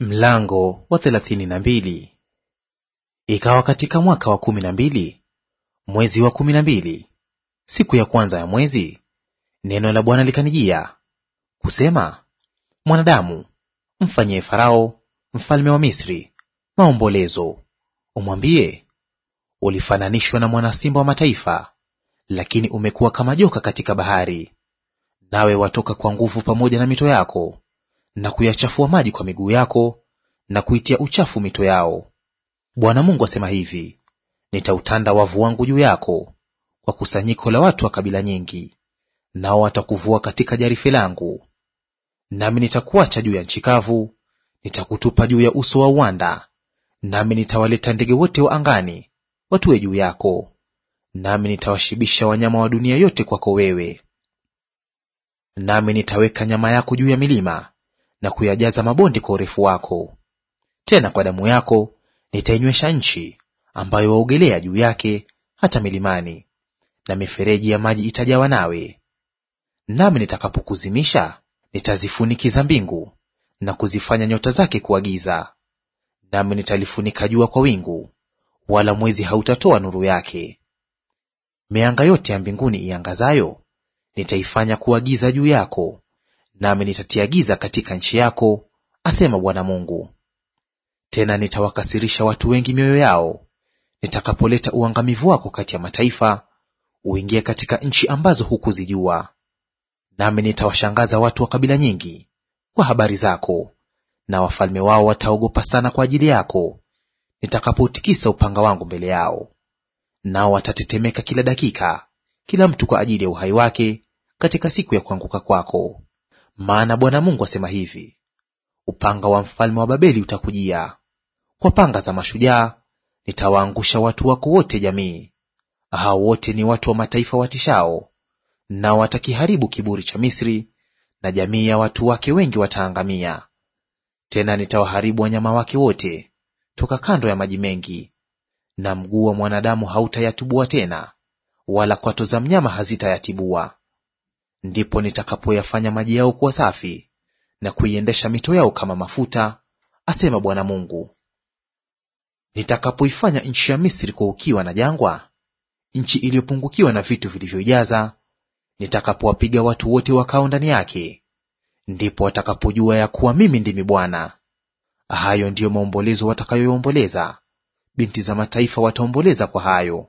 Mlango wa thelathini na mbili. Ikawa katika mwaka wa kumi na mbili mwezi wa kumi na mbili siku ya kwanza ya mwezi, neno la Bwana likanijia kusema, mwanadamu, mfanyie Farao mfalme wa Misri maombolezo, umwambie, ulifananishwa na mwana simba wa mataifa, lakini umekuwa kama joka katika bahari, nawe watoka kwa nguvu pamoja na mito yako na kuyachafua maji kwa miguu yako, na kuitia uchafu mito yao. Bwana Mungu asema hivi, nitautanda wavu wangu juu yako kwa kusanyiko la watu wa kabila nyingi, nao watakuvua katika jarife langu. Nami nitakuacha juu ya nchi kavu, nitakutupa juu ya uso wa uwanda, nami nitawaleta ndege wote wa angani watue juu yako, nami nitawashibisha wanyama wa dunia yote kwako wewe. Nami nitaweka nyama yako juu ya milima na kuyajaza mabonde kwa urefu wako. Tena kwa damu yako nitainywesha nchi ambayo waogelea juu yake hata milimani, na mifereji ya maji itajawa nawe. Nami nitakapokuzimisha nitazifunikiza mbingu na kuzifanya nyota zake kuwa giza, nami nitalifunika jua kwa wingu, wala mwezi hautatoa nuru yake. Mianga yote ya mbinguni iangazayo nitaifanya kuwa giza juu yako, nami nitatia giza katika nchi yako, asema Bwana Mungu. Tena nitawakasirisha watu wengi mioyo yao, nitakapoleta uangamivu wako kati ya mataifa, uingie katika nchi ambazo hukuzijua. Nami nitawashangaza watu wa kabila nyingi kwa habari zako, na wafalme wao wataogopa sana kwa ajili yako, nitakapotikisa upanga wangu mbele yao. Nao watatetemeka kila dakika, kila mtu kwa ajili ya uhai wake, katika siku ya kuanguka kwako. Maana Bwana Mungu asema hivi, upanga wa mfalme wa Babeli utakujia; kwa panga za mashujaa nitawaangusha watu wako wote jamii. Hao wote ni watu wa mataifa watishao, nao watakiharibu kiburi cha Misri, na jamii ya watu wake wengi wataangamia. Tena nitawaharibu wanyama wake wote toka kando ya maji mengi, na mguu wa mwanadamu hautayatubua tena, wala kwato za mnyama hazitayatibua ndipo nitakapoyafanya maji yao kuwa safi na kuiendesha mito yao kama mafuta, asema Bwana Mungu. Nitakapoifanya nchi ya Misri kwa ukiwa na jangwa, nchi iliyopungukiwa na vitu vilivyoijaza, nitakapowapiga watu wote wakao ndani yake, ndipo watakapojua ya kuwa mimi ndimi Bwana. Hayo ndiyo maombolezo watakayoomboleza, binti za mataifa wataomboleza kwa hayo.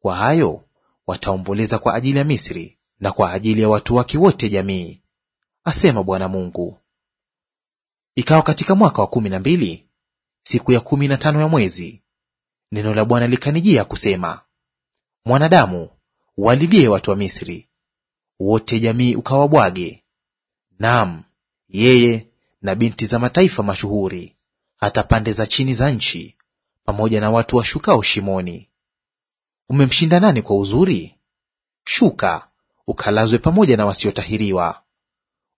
Kwa hayo wataomboleza kwa ajili ya Misri, na kwa ajili ya watu wake wote jamii, asema Bwana Mungu. Ikawa katika mwaka wa kumi na mbili siku ya kumi na tano ya mwezi, neno la Bwana likanijia kusema, mwanadamu, walilie watu wa Misri wote, jamii ukawabwage, naam, yeye na binti za mataifa mashuhuri, hata pande za chini za nchi, pamoja na watu washukao shimoni. Umemshinda nani kwa uzuri? Shuka ukalazwe pamoja na wasiotahiriwa.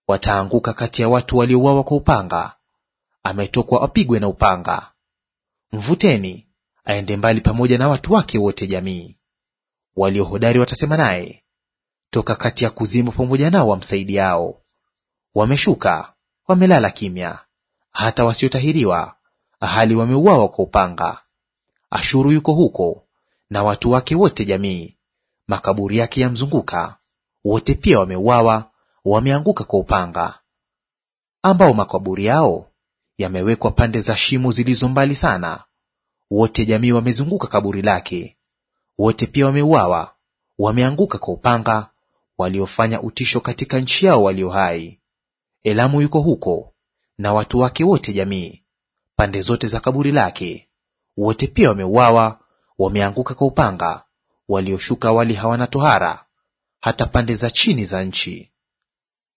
Wataanguka kati ya watu waliouawa kwa upanga, ametokwa apigwe na upanga. Mvuteni aende mbali pamoja na watu wake wote jamii. Waliohodari watasema naye, toka kati ya kuzimu pamoja nao wamsaidiao. Wameshuka, wamelala kimya, hata wasiotahiriwa, hali wameuawa kwa upanga. Ashuru yuko huko na watu wake wote jamii, makaburi yake yamzunguka, wote pia wameuawa, wameanguka kwa upanga, ambao makaburi yao yamewekwa pande za shimo zilizo mbali sana. Wote jamii wamezunguka kaburi lake, wote pia wameuawa, wameanguka kwa upanga, waliofanya utisho katika nchi yao walio hai. Elamu yuko huko na watu wake wote, jamii pande zote za kaburi lake, wote pia wameuawa, wameanguka kwa upanga, walioshuka wali hawana tohara, hata pande za chini za nchi,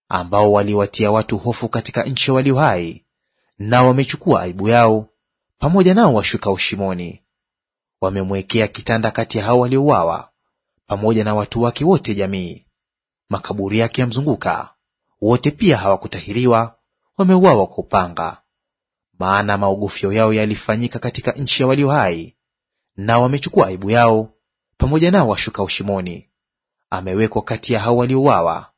ambao waliwatia watu hofu katika nchi walio hai, nao wamechukua aibu yao pamoja nao washuka ushimoni. Wamemwekea kitanda kati ya hao waliouawa, pamoja na watu wake wote jamii. Makaburi yake yamzunguka wote, pia hawakutahiriwa, wameuawa kwa upanga. Maana maogofyo yao yalifanyika katika nchi ya walio hai, nao wamechukua aibu yao pamoja nao washuka ushimoni amewekwa kati ya hao waliouawa.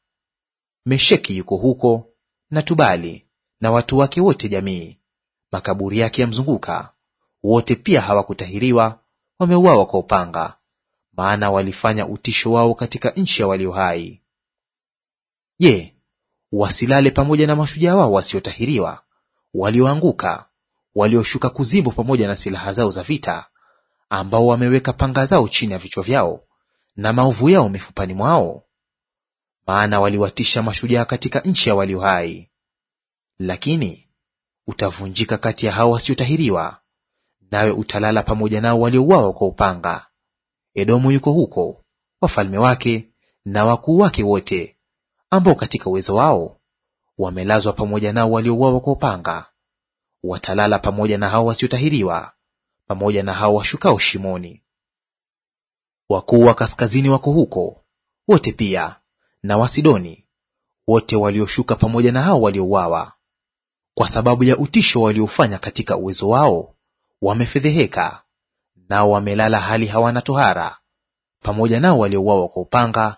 Mesheki yuko huko na Tubali na watu wake wote, jamii makaburi yake yamzunguka. Wote pia hawakutahiriwa, wameuawa kwa upanga, maana walifanya utisho wao katika nchi ya walio hai. Je, wasilale pamoja na mashujaa wao wasiotahiriwa, walioanguka, walioshuka kuzimbo pamoja na silaha zao za vita, ambao wameweka panga zao chini ya vichwa vyao na maovu yao mifupani mwao? Maana waliwatisha mashujaa katika nchi ya walio hai. Lakini utavunjika kati ya hao wasiotahiriwa, nawe utalala pamoja nao waliouawa kwa upanga. Edomu yuko huko, wafalme wake na wakuu wake wote, ambao katika uwezo wao wamelazwa pamoja nao waliouawa kwa upanga. Watalala pamoja na hao wasiotahiriwa, pamoja na hao washukao shimoni. Wakuu wa kaskazini wako huko wote pia, na Wasidoni wote walioshuka pamoja na hao waliouawa. Kwa sababu ya utisho waliofanya katika uwezo wao, wamefedheheka, nao wamelala hali hawana tohara, pamoja nao waliouawa kwa upanga,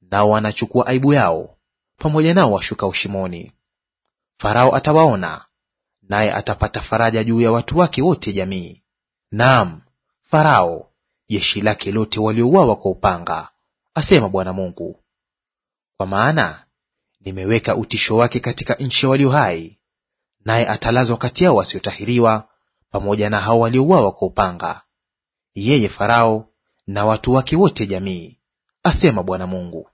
nao wanachukua aibu yao, pamoja nao washuka ushimoni Farao atawaona, naye atapata faraja juu ya watu wake wote jamii. Naam, Farao jeshi lake lote waliouawa kwa upanga, asema Bwana Mungu. Kwa maana nimeweka utisho wake katika nchi ya walio hai, naye atalazwa kati yao wasiotahiriwa, pamoja na hao waliouawa kwa upanga, yeye Farao na watu wake wote jamii, asema Bwana Mungu.